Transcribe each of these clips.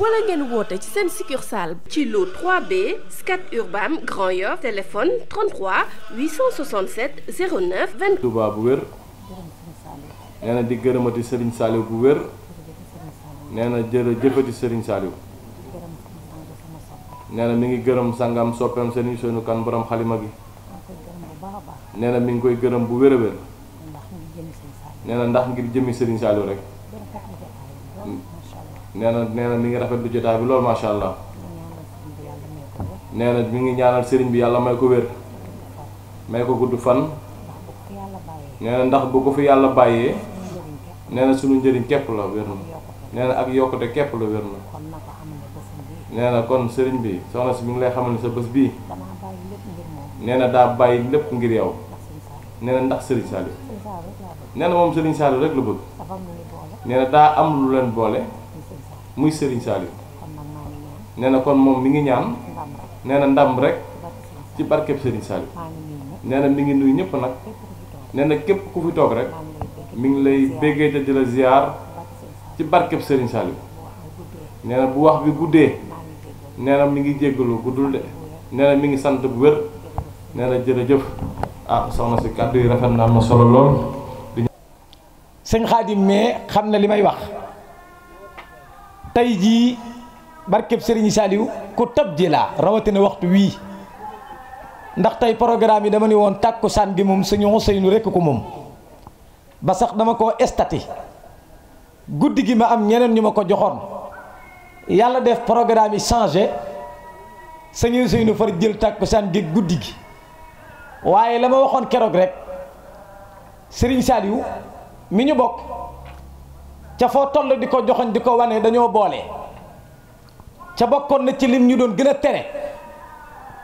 wala ngeen woote ci seen succursale ci lu 3B Scat Urbam Grand Yoff téléphone 33 867 bu wér nee di gërëmati sëriñ Saliou bu wér nee na jërëjëfati Serigne Saliou nee na mi ngi gërëm sangam soppeem seen Seynou Kane borom xalima gi nee mi ngi koy gërëm bu wér a wér nee na ndax ngir jëmmi Serigne Saliou rek. nee na nee na mi ngi rafet lu jotaay bi loolu macha allah nee na mi ngi ñaanal sëriñ bi yàlla may ko wér may ko gudd fan nee ndax bu ko fi yàlla bàyyee nee na suñu njëriñ képp la wér na nee ak yokkute képp la wér na nee na kon sëriñ bi soxna si mi ngi lay xamal ni sa bés bii nee na daa bàyyi lépp ngir yow nee ndax sëriñ Saliou nee na moom sëriñ Saliou rek la bëgg nee daa am lu leen boole. muy Serigne Saliou nee na kon moom mi ngi ñaan nee na ndam rek ci barkeb sëriñ Saliou nee na mi ngi nuyu ñëpp nag nee na képp ku fi toog rek mi ngi lay béggee te di la ci barkeb sëriñ Saliou nee na bu wax bi guddee nee na mi ngi jéggalu guddul de nee na mi ngi sant bu wér nee na jërëjëf ah soxna si kàddu rafet na am na solo lool. sëñ Xaadim xam na li may wax. tey jii barkeb Serigne Saliou ku tab ji laa rawatina waxtu wii ndax tey programme yi dama ne woon tàkkusaan gi moom sëñ Ousseynou rekk ko moom ba sax dama ko estati guddi gi ma am ñeneen ñu ma ko joxoon yàlla def programme yi changé sëñ Ousseynou far jël tàkkusaan gi guddi gi waaye la ma waxoon keroog rek sëriñ Saliou mi ñu bokk. ca foo toll di ko joxoñ di ko wane dañoo boole ca bokkoon na ci lim ñu doon gën a tere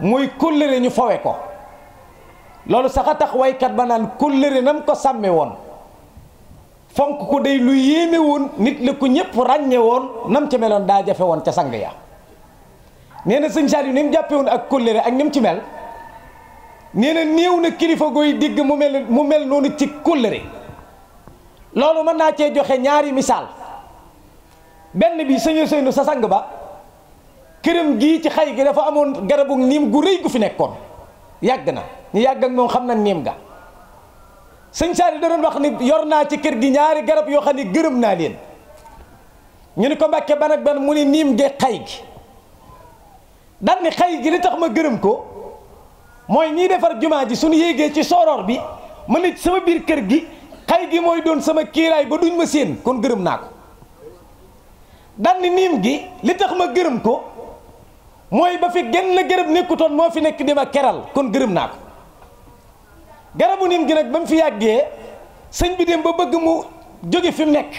muy kóllëre ñu fowe ko loolu sax a tax waykat ba naan kóllëre nam ko sàmme woon fonk ko day lu yéeme woon nit la ko ñëpp ràññe woon nam ca meloon daa jafe woon ca sang ya nee na sëñ Saliou ni mu jàppe woon ak kóllëre ak ni ci mel nee na néew na kilifa gooy digg mu mel mu mel noonu ci kóllëre loolu mën naa cee joxe ñaari misaal benn bi sëñ Ousseynou sa sang ba këram gii ci xay gi dafa amoon garabu niim gu rëy gu fi nekkoon yàgg na ñu yàgg moom xam na niim ga sëñ Saali da doon wax ni yor naa ci kër gi ñaari garab yoo xam ne gërëm naa leen ñu ni ko mbàkke ban ak ban mu ni niim ge xay gi dal ni xay gi li tax ma gërëm ko mooy ñiy defar jumaa ji suñu yéegee ci sooroor bi ma ne sama biir kër gi xay gi mooy doon sama kiiraay ba duñ ma séen kon gërëm naa ko dal niim gi li tax ma gërëm ko mooy ba fi genn garab nekkutoon moo fi nekk di ma keral kon gërëm naa ko garabu niim gi nag ba mu fi yàggee sëñ bi dem ba bëgg mu jóge fi mu nekk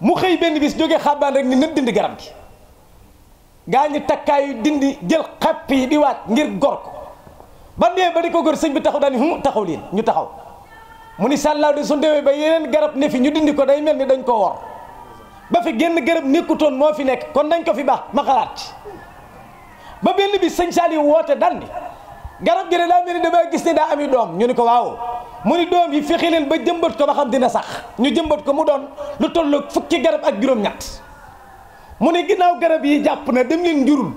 mu xëy benn bis jóge xàbbaan rek ni nan dindi garab gi gaa ñi takkaayu dindi jël xàpp yi di waat ngir gor ko ba dee ba di ko gor sëñ bi taxu daal ni hum taxaw leen ñu taxaw mu ni sàllaaw de su demee ba yeneen garab ne fi ñu dindi ko day mel ni dañ ko war ba fi génn garab nekkutoon moo fi nekk kon dañ ko fi baax ma xalaat ba benn bi sëñ Saliou woote dal ni garab gi de daa mel ni damay gis ni daa ami doom ñu ni ko waaw mu ni doom yi fexe leen ba jëmbat ko ba xam dina sax ñu jëmbat ko mu doon lu toll fukki garab ak juróom-ñett mu ni ginnaaw garab yi jàpp na dem leen njurul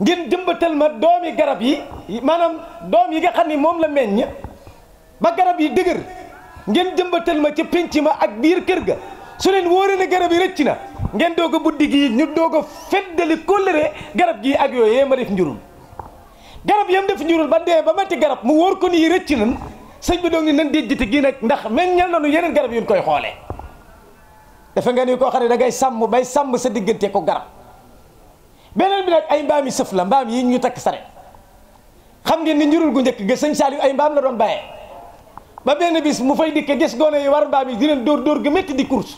ngeen jëmbatal ma doomi garab yi maanaam doom yi nga xam ni moom la meññ ba garab yi dëgër ngeen jëmbatal ma ca penc ma ak biir kër ga su leen wóoree ne garab yi rëcc na ngeen doog a buddi gii ñu doog a feddali kóllëre garab gii ak yooyu yee ma def njurul garab yam def njurul ba dee ba matti garab mu wóor ko nii rëcc nan sëñ bi doog ni nan déjjite gii nag ndax meññal na nu yeneen garab yu koy xoolee dafa nga ni koo xam ne da ngay sàmm bay sàmm sa diggante ko garab beneen bi nag ay mbaam yi sëf la mbaam yi ñu takk sare xam ngeen ni njurul gu njëkk ga sëñ Saliou ay mbaam la doon bàyyee ba benn bis mu fay dikk gis gone yi war mbaam yi di dóor dóor gi métti di course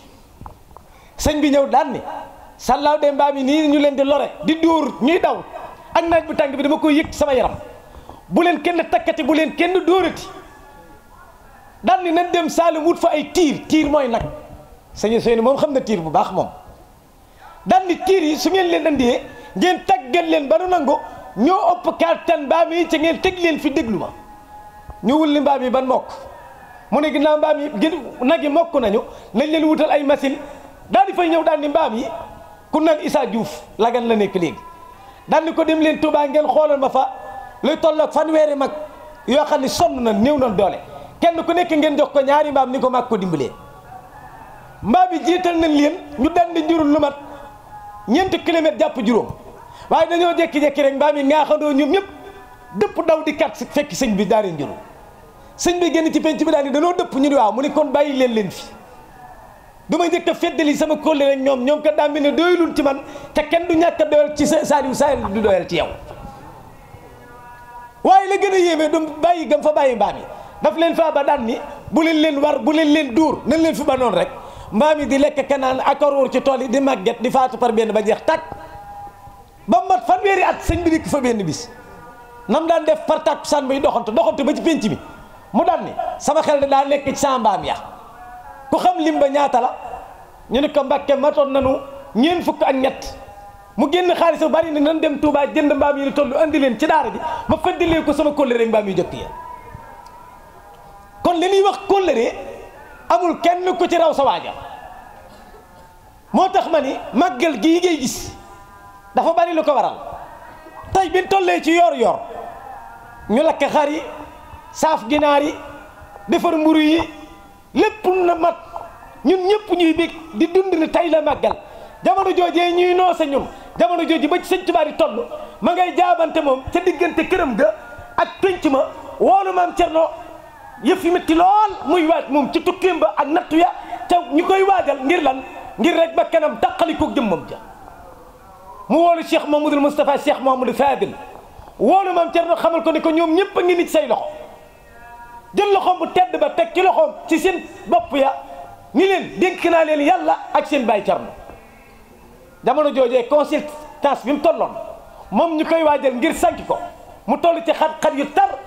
sañ bi ñëw daan ni sàllaaw de mbaam yi nii ñu leen di lore di dóor ñuy daw ak naaj bu tàng bi dama koy yëg sama yaram bu leen kenn takkati bu leen kenn dóorati daan ni nañ dem Saalum wut fa ay tiir tiir mooy nag sëñ Seyni moom xam na tiir bu baax moom daan ni tiir yi su ngeen leen andiyee ngeen tàggat leen ba nu nangu ñoo ëpp kàttan mbaam yi ci ngeen teg leen fi déglu ma ñu wul li mbaam yi ban mu ne naa mbaam yi gin nag yi mokk nañu nañ leen wutal ay machine daal di fay ñëw daal ni mbaam yi ku naan Issa Diouf lagan la nekk léegi daal ni ko dem leen Touba ngeen xoolal ma fa luy fan fanweeri mag yoo xam ne sonn na néew na doole kenn ku nekk ngeen jox ko ñaari mbaam ni ko mag ko dimbalee mbaam bi jiital nañ leen ñu daan di lu mat ñeenti kilomètre jàpp juróom waaye dañoo jékki-jékki rek mbaam yi ngaaxandoo ñoom ñëpp dëpp daw di kat fekk sëñ bi daal di sëñ bi génn ci penc bi daal di danoo dëpp ñu ni waaw mu ni kon bàyyi leen leen fi du ma njëkk feddali sama kóllëre ak ñoom ñoom kat daa mel ne ci man te kenn du ñàkk a ci sa Saliou Saliou du doyal ci yow waaye la gën a yéeme du bàyyi gam fa bàyyi mbaam yi daf leen faa ba daan bu leen leen war bu leen leen duur nañ leen fi ba noon rek mbaam yi di lekk kanaan ak ruur ci tool yi di màgget di faatu par benn ba jeex tàkk ba mat fanweeri at sëñ bi dikk fa benn bis nam daan def par tàkkusaan bay doxantu doxantu ba ci penc bi mu daan ni sama xel di daa nekk ci sama mbaam ya ku xam lim ba ñaata la ñu ne ko Mbàkke matoon nanu ñeen fukk ak ñett mu génn xaalis bu bari na nan dem Touba jënd mbaam yi ni toll andi leen ci daara ji ma faddilee ko sama kóllëre mbaam yi jot ya kon li wax kóllëre amul kenn ku ci raw sa waaja moo tax ma ni màggal gii ngay gis dafa bari lu ko waral tey bi tollee ci yor yor ñu lakk xar saaf ginaar yi defar mburu yi lépp na mat ñun ñëpp ñuy bég di dund ni tey la màggal jamono joojee ñuy noose ñun jamono jooju ba ci sëñ Tuubaa di ma ngay jaabante moom ca diggante këram ga ak pénc ma woolu maam Cerno yëf yi métti lool muy waaj moom ci tukkeem ba ak nattu ya ca ñu koy waajal ngir lan ngir rek ba kanam dàqali ko jëmmam ja mu woolu Cheikh Mamadou Moustapha Cheikh Mamadou Fadil woolu maam Cerno xamal ko ne ko ñoom ñëpp a say loxo jël loxoom bu tedd ba teg ci loxoom ci seen bopp ya ni leen dénk naa leen yàlla ak seen baay Cerno jamono joojee consultance bi mu tolloon moom ñu koy waajal ngir sànq ko mu toll ci xat-xat yu tar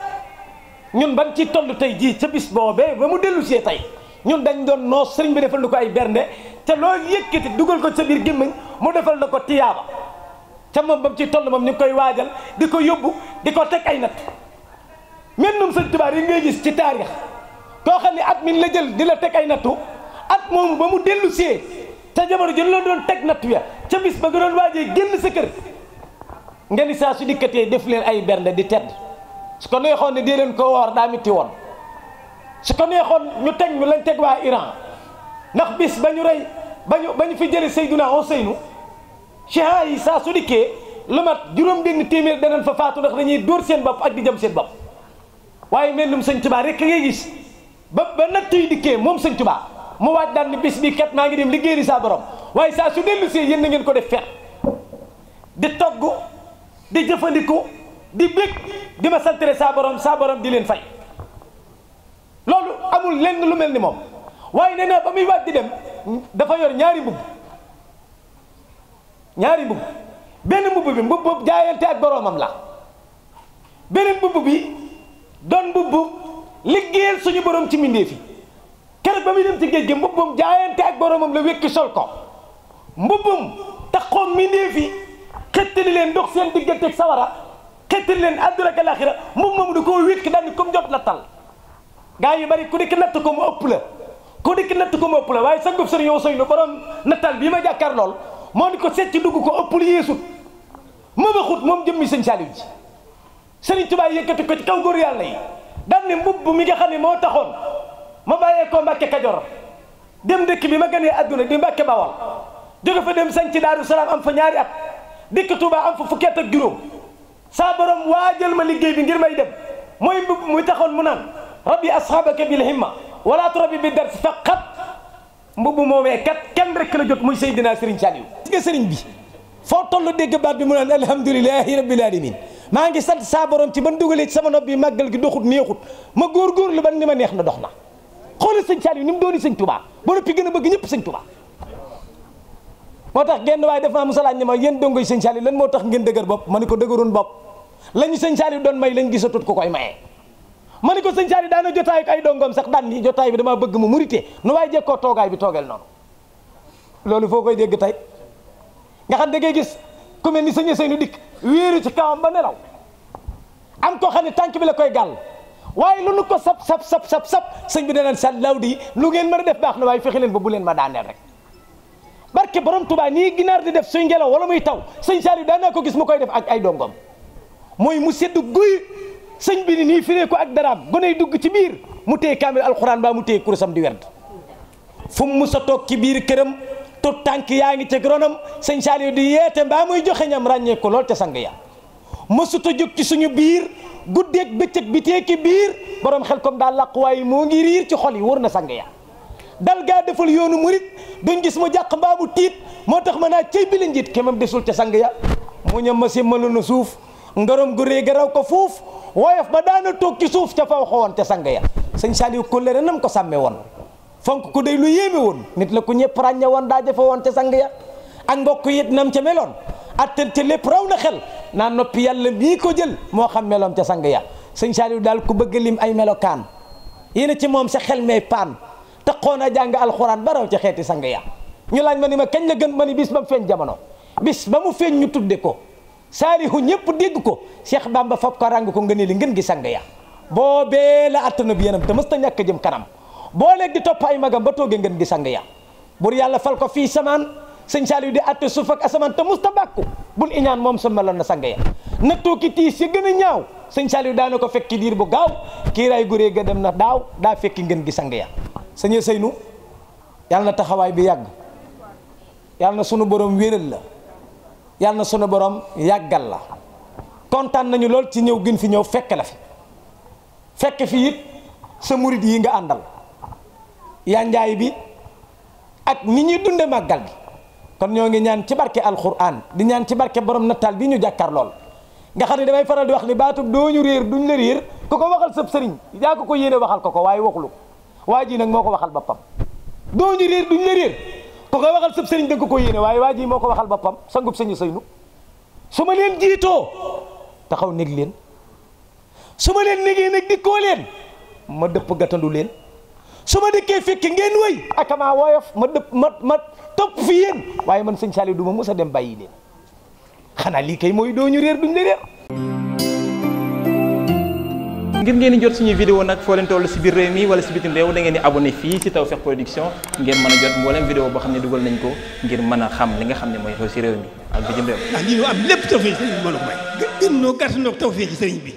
ñun ban ciy toll tey jii ca bis boobee ba mu dellu see tey ñun dañ doon noos sëriñ bi defal na ko ay bernde te loolu yëkkati dugal ko sa biir gémmiñ mu defal na ko tiyaaba ca moom ba mu ci toll moom ñu koy waajal di ko yóbbu di ko teg ay natt mennum sëñ Tuubaa yi ngay gis ci taarix too xam ne at mi la jël di la teg ay nattu at moomu ba mu dellusee see te jamono jën doon teg nattu ya ca bis ba nga doon waajee génn sa kër nga ni saa su dikkatee def leen ay bernde di tedd su ko neexoon ne dee leen ko woor daa mitti woon su ko neexoon ñu teg ñu lañ teg waa Iran ndax bis ba ñu rey ba ñu ba ñu fi jëlee Seydina Ousseynou chiha yi saa su dikkee lu mat juróom benn téeméer danañ fa faatu ndax dañuy dóor seen bopp ak di jëm seen bopp waaye melum sëñ Tuubaa rek ngay gis ba ba natt yi dikkee moom sëñ Tuubaa mu waaj daan ni bis bi kat maa ngi dem liggéeyali saa borom waaye saa su dellu see yéen ngeen ko def fet di togg di jëfandiku di bég di ma santere saa borom saa borom di leen fay loolu amul lenn lu mel ni moom waaye nee na ba muy waaj di dem dafa yor ñaari mbubb ñaari mbubb benn mbubb bi mbubb jaayante ak boromam la beneen mbubb bi doon mbubb liggéeyal suñu borom ci mbindéef yi keroog ba muy dem ci géej gi mbubbum jaayante ak boromam la wékki sol ko mbubbum taxoon mbindéef yi xettali leen ndox seen diggante ak sawara xettali leen àdduna ak alaaxira mbubb moom da ko wékki daal ni comme jot la tal gaa yu bari ku dikk natt ko mu ëpp la ku dikk natt ko mu ëpp la waaye sa ngub sëriñ yow soy lu borom nattal bii ma jàkkaar lool moo ni ko secc dugg ko ëpp yéesut ma ba moom jëmmi sëñ Saliou Serigne Touba yëkkati ko ci kaw góor yàlla yi daan ne mbubb mi nga xam ne moo taxoon ma bàyyee ko Mbàkke Kajoor dem dëkk bi ma gënee adduna di Mbàkke Bawal jóge fa dem sañ ci Daaru Salaam am fa ñaari at dikk Touba am fa fukki at ak juróom waa jël ma liggéey bi ngir may dem mooy mbubb mu taxoon mu naan rabbi asxaabaka bil himma wala turabi bi dars faqat mbubb moomee kat kenn rek la jot muy Seydina Serigne Saliou. gis nga Serigne bi foo toll dégg baat bi mu naan alhamdulilahi rabbil alamin maa ngi sant saa ci ban dugalee ci sama nopp bi màggal gi doxut neexut ma góorgóorlu ban ni ma neex na dox na xoolal sëñ Saliou ni mu dooni sëñ Touba ba noppi gën a bëgg ñëpp sëñ Touba moo tax genn waaye def maa mosalaat ñi ma yéen dongoy sëñ lan moo tax ngeen dëgër bopp ma ne ko dëgëroon bopp la ñu sëñ Saliou doon may lañ gisatut ko koy maye ma ne ko sëñ Saliou daana jotaay ak ay dongoom sax daan ni jotaay bi damaa bëgg mu murite nu waaye jekkoo toogaay bi toogel noonu loolu foo koy dégg tey nga xam da ngay gis ku mel ni sëñ Seynu dikk wéeru ci kawam ba nelaw am koo xam ne tànk bi la koy gàll waaye lu nu ko sab sab sab sab sab sëñ bi danaan sat law di lu ngeen mën a def baax na waaye fexe leen ba bu leen ma daaneel rek barke borom Tuubaa nii ginaar di def suy ngelaw wala muy taw sëñ Saliou daan naa ko gis mu koy def ak ay dongom mooy mu sedd guy sëñ bi ni nii firee ko ak daraam goney dugg ci biir mu téye kaamil alxuraan baa mu téye kurusam di werd fu sa toog ci biir këram tout tànk yaa ngi ca gronam sëñ Saliou di yeete mbaa muy joxe ñam ràññee ko lool ca sang ya mësuta jóg ci suñu biir guddeeg bëccëg bi teeki biir borom xel ko daal làquwaay moo ngi riir ci xol yi wër na sang ya dal gaa defal yoonu murit duñ gis mu jàq mbaa bu tiit moo tax ma naa cey bi la njiit kemam desul ca sang ya mu ñam ma simmalu na suuf ngarom gu rëy garaw ko fuuf woyof ba daana toog ci suuf ca faw woon ca sang ya sëñ Saliou kóllëre nam ko sàmme woon fonk ko day lu yéeme woon nit la ko ñëpp ràññe woon daa jafe woon ca sang ya ak mbokk yi nam ca meloon attel ca lépp raw la xel naa noppi yàlla mii ko jël moo xam meloom ca sang ya sëñ Saliou daal ku bëgg lim ay melokaan yéen ci moom sa xel may paan te xoon a jàng alxuraan ba ca xeeti sang ya ñu laaj ma ni ma kañ la gën ma ni bis ba mu feeñ jamono bis ba mu feeñ ñu tudde ko saalihu ñëpp dégg ko Cheikh Bamba fab ko ràng ko ngëne li ngën gi sang ya boobee la attana bi yanam te mës ta ñàkk jëm kanam boo leeg di topp ay magam ba toogee ngeen gi sang ya bur yàlla fal ko fii samaan sëñ Saliou di atte su ak asamaan te musta bàkku bul iñaan moom sa meloon na sang ya nattoo ki tiis ya gën a ñaaw sëñ Saliou daana ko fekki diir bu gaaw kiiraay guree ga dem na daaw daa fekki ngeen gi sang ya sëñ Seynu yàlla na taxawaay bi yàgg yàlla na sunu borom wéral la yàlla na sunu borom yàggal la kontaan nañu lool ci ñëw gën fi ñëw fekk la fi fekk fii it sa yi nga àndal yanjaay bi ak ñi ñuy dunde màggal gi kon ñoo ngi ñaan ci barke alquran di ñaan ci barke borom nataal bii ñu jàkkaar lool nga xam ne damay faral di wax ni baatub dooñu réer duñ la réer ku ko waxal sëb sëriñ yaa ko ko waxal ko ko waaye waxulu waa ji nag moo ko waxal boppam dooñu réer duñ la réer ku ko waxal sëb sëriñ danga ko ko yéene waaye waa ji moo ko waxal boppam sangub sañu saynu su ma leen jiitoo taxaw nég leen su ma leen négee nag dikkoo leen ma dëpp gàttandu leen su ma dikkee fekki ngeen wëy ak maa ma dëpp ma ma topp fi yéen waaye man sañ Saliou du ma mos a dem bàyyi leen xanaa lii kay mooy doo ñu réer duñ la réer. ngir ngeen di jot suñu vidéo nag foo leen toll si biir réew mi wala si bitim réew da ngeen di abonné fii si Tawfekh Production ngeen mën a jot mboolem vidéo boo xam ne dugal nañ ko ngir mën a xam li nga xam ne mooy xew si réew mi ak bitim réew. ndax ah, lii am lépp Tawfekh sëriñ sa mën bi.